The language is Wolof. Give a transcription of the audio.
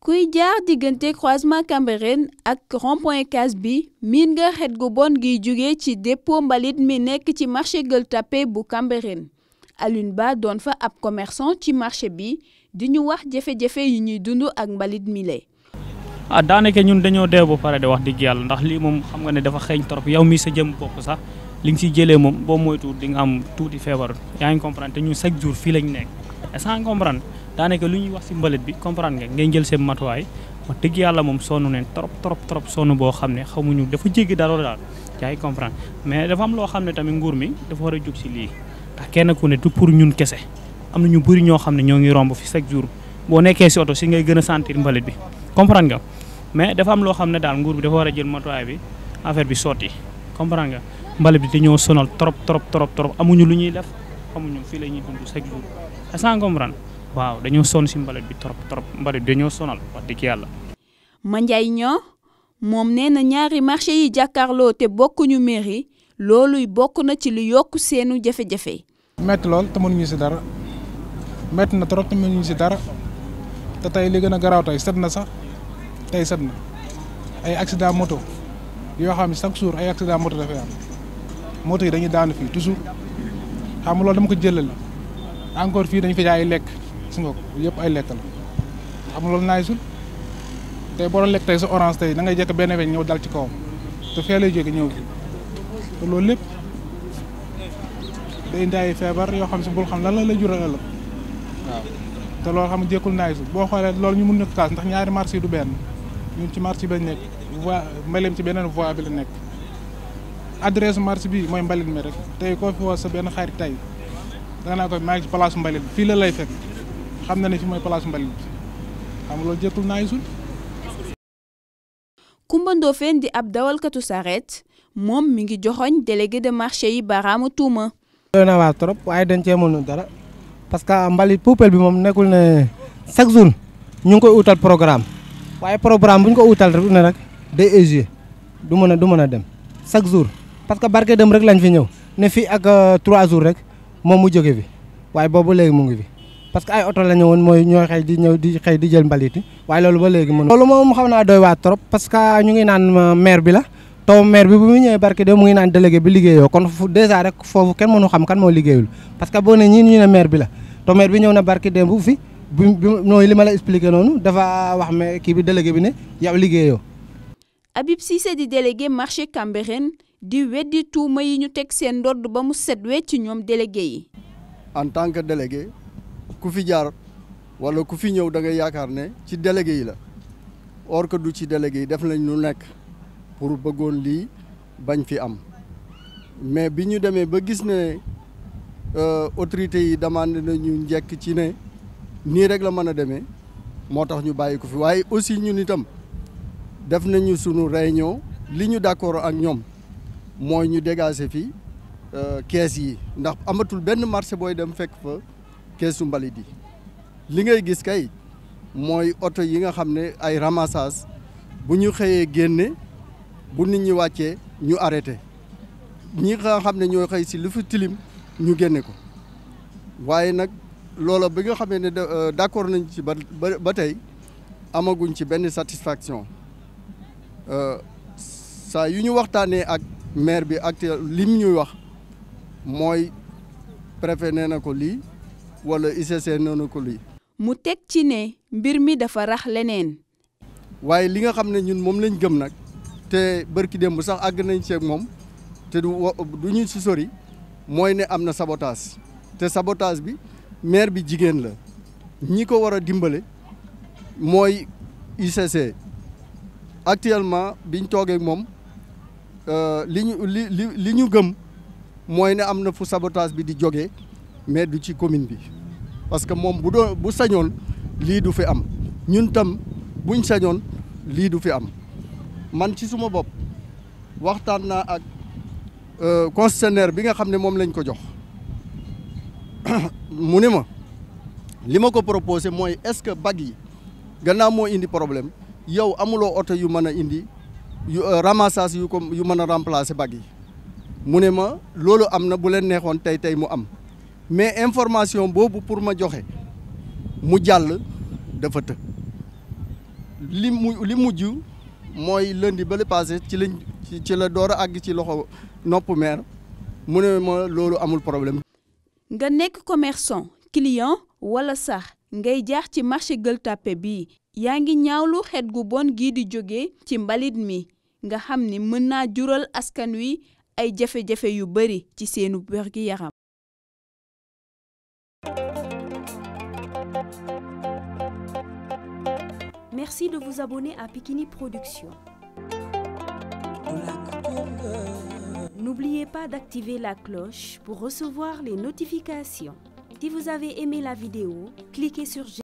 kuy jaar diggante croisement Cambérène ak rond-point bi miin nga xet gu bon giy jóge ci dépôt mbalit mi nekk ci marché Gueule Tapée bu Cambérène Alioune Ba doon fa ab commerçant ci marché bi di ñu wax jafe-jafe yi ñuy dund ak mbalit mi lay ah daanaka ñun dañoo deew ba pare di wax dëgg yàlla ndax lii moom xam nga ne dafa xeeñ trop yow mii sa jëm bopp sax li nga siy jëlee moom boo moytuwul di nga am tuuti feebar yaa ngi comprendre te ñu chaque jour fii lañ nekk est-ce que comprendre daanaka lu ñuy wax si mbalit bi comprendre nga ngay jël seen matuwaay wax yàlla moom sonn neen trop trop trop sonn boo xam ne xamuñu dafa jéggi dara daal yaa ngi comprendre mais dafa am loo xam ne tamit nguur mi dafa war a jug lii ndax kenn ku ne du pour ñun kese am na ñu ñoo xam ne ñoo ngi romb fi chaque jour boo nekkee si si ngay gën a sentir mbalit bi comprendre nga mais dafa am loo xam ne daal nguur bi dafa war a jël matuwaay bi affaire bi sotti comprendre nga mbalit bi dañoo sonal trop trop trop trop amuñu lu ñuy def amuñu fii la ñuy dund chaque jour ran waaw dañoo sonn si mbalit bi trop trop mbalit bi dañoo sonal wax dëgg yàlla. Mandiaye ñoo moom nee na ñaari marché yi jàkkaarloo te bokkuñu mairie loolu bokk na ci lu yokk seenu jafe-jafe. metti lool te mënuñu si dara metti na trop te mënuñu si dara te tey li gën a garaaw tey set na sax tey set na ay accident moto yoo xam ne chaque jour ay accident moto dafay moto yi dañuy daanu fii toujours xam nga loolu dama ko jëlal encore fii dañu fi jaay ay lekk gis nga ko yëpp ay lekk la xam nga loolu naay boo doon lekk sa orange tey da ngay jekk benn weñ ñëw dal ci kawam te fee lay jóge ñëw te loolu lépp day indi ay feebar yoo xam si bul xam lan la lay jural ëllëg waaw te loolu xam jékkul naay boo xoolee loolu ñu mun na ko kaas ndax ñaari marché yi du benn ñun ci marché bi lañ nekk voie mbeleem ci beneen voie bi la nekk adresse marché bi mooy mbalit mi rek tey koo fi woo sa benn xarit tey danga naa ko maa ngi mbalit bi fii la lay fekk xam na ne fi mooy place mbalit bi xam nga loolu ab dawalkatu saret moom mi ngi joxoñ délégué de marché yi baaraamu tuuma doy na trop waaye dañ cee mënu dara parce que mbalit poubelle bi moom nekkul ne chaque jour ñu ngi koy utal programme waaye programme bu ñu ko utal rek ne rek day échoué du mën a du mën a dem chaque jour parce que barke dem rek lañ fi ñëw ne fii ak 3 euh, jours rek moom mu jóge fi waaye boobu léegi mu ngi fi parce que ay oto la woon mooy ñooy xëy ñëw di xëy di jël mbaliti waaye loolu ba léegi mënu loolu moom xaw naa doy waa trop parce que ñu ngi naan euh, maire bi la taw maire bi bu mu ñëwee mu ngi naan délégué bi liggéeyoo kon dèjà rek foofu kenn mënu xam kan moo liggéeyul parce que boo ne ñii ñu ne maire bi la taw maire bi ñëw na barke de bu fi bi mooy li expliqué noonu dafa wax ma kii bi délégué bi ne yow liggéeyoo Habib Cissé di délégué marché Cambérène di weddi tuuma yi ñu teg seen ndodd ba mu set wecc ñoom délégué en tant que délégué ku fi jaar wala ku fi ñëw da ngay yaakaar ne ci délégué yi la or que du ci délégué yi def nañ lu nekk pour bëggoon lii bañ fi am mais bi ñu demee ba gis ne euh, autorités yi demandé nañu njekk ci ne nii rek la mën a demee moo tax ñu bàyyi ko fi waaye aussi ñun itam def nañu sunu réunion li ñu d'accord ak ñoom. moy ñu dégager fi euh caisse yi ndax amatul benn marché boy dem fekk fa caisse mbalit li ngay gis kay moy auto yi nga xamné ay ramassage bu ñu xëyee génné bu nit ñi waccé ñu arrêté ñi nga xamné ñoy xey ci si lu fi tilim ñu génné ko waaye nak lolo bi nga xamné euh, d'accord nañ ci ba ba amaguñ ci benn satisfaction euh saa yu ñu waxtané ak maire bi actuel lim ñuy wax mooy préfet nee na ko lii wala ICC nee ko lii. mu teg ci ne mbir mi dafa rax leneen. waaye li nga xam ne ñun moom lañ gëm nag te bërki démb sax àgg nañ ceeg moom te du du ñu si mooy ne am na sabotage te sabotage bi maire bi jigéen la ñi ko war a dimbale mooy ICC actuellement biñ toogee moom. Euh, li ñu li li li ñu gëm mooy ne am na fu sabotage bi di jógee mais du ci commune bi parce que moom bu doon bu sañoon lii du fi am ñun tam buñ sañoon lii du fi am man ci suma bopp waxtaan na ak euh, concessionnaire bi nga xam ne moom lañ ko jox mu ne ma li ma ko proposé mooy est-ce que bag yi gannaaw moo indi problème yow amuloo oto yu mën a indi Euh, ramassage yu ko yu mën a remplacer bag yi mu ne ma loolu am na bu leen neexoon tey tey mu am mais information boobu pour ma joxe mu jàll dafa të li mu li mujj mooy lëndi ba le ci lañ ci la door a àgg ci loxo nopp maire mu ne ma loolu amul problème. nga nekk commerçant client wala sax ngay jaax ci marché Gueule Tapée bii yaa ngi ñaawlu xet gu bon gii di jóge ci mbalit mi nga xam ni mën naa jural askan wi ay jafe-jafe yu bari ci seenu yaram Merci de vous abonner à Pikini PRODUCTION. N'oubliez pas d'activer la cloche pour recevoir les notifications. Si vous avez aimé la vidéo, cliquez sur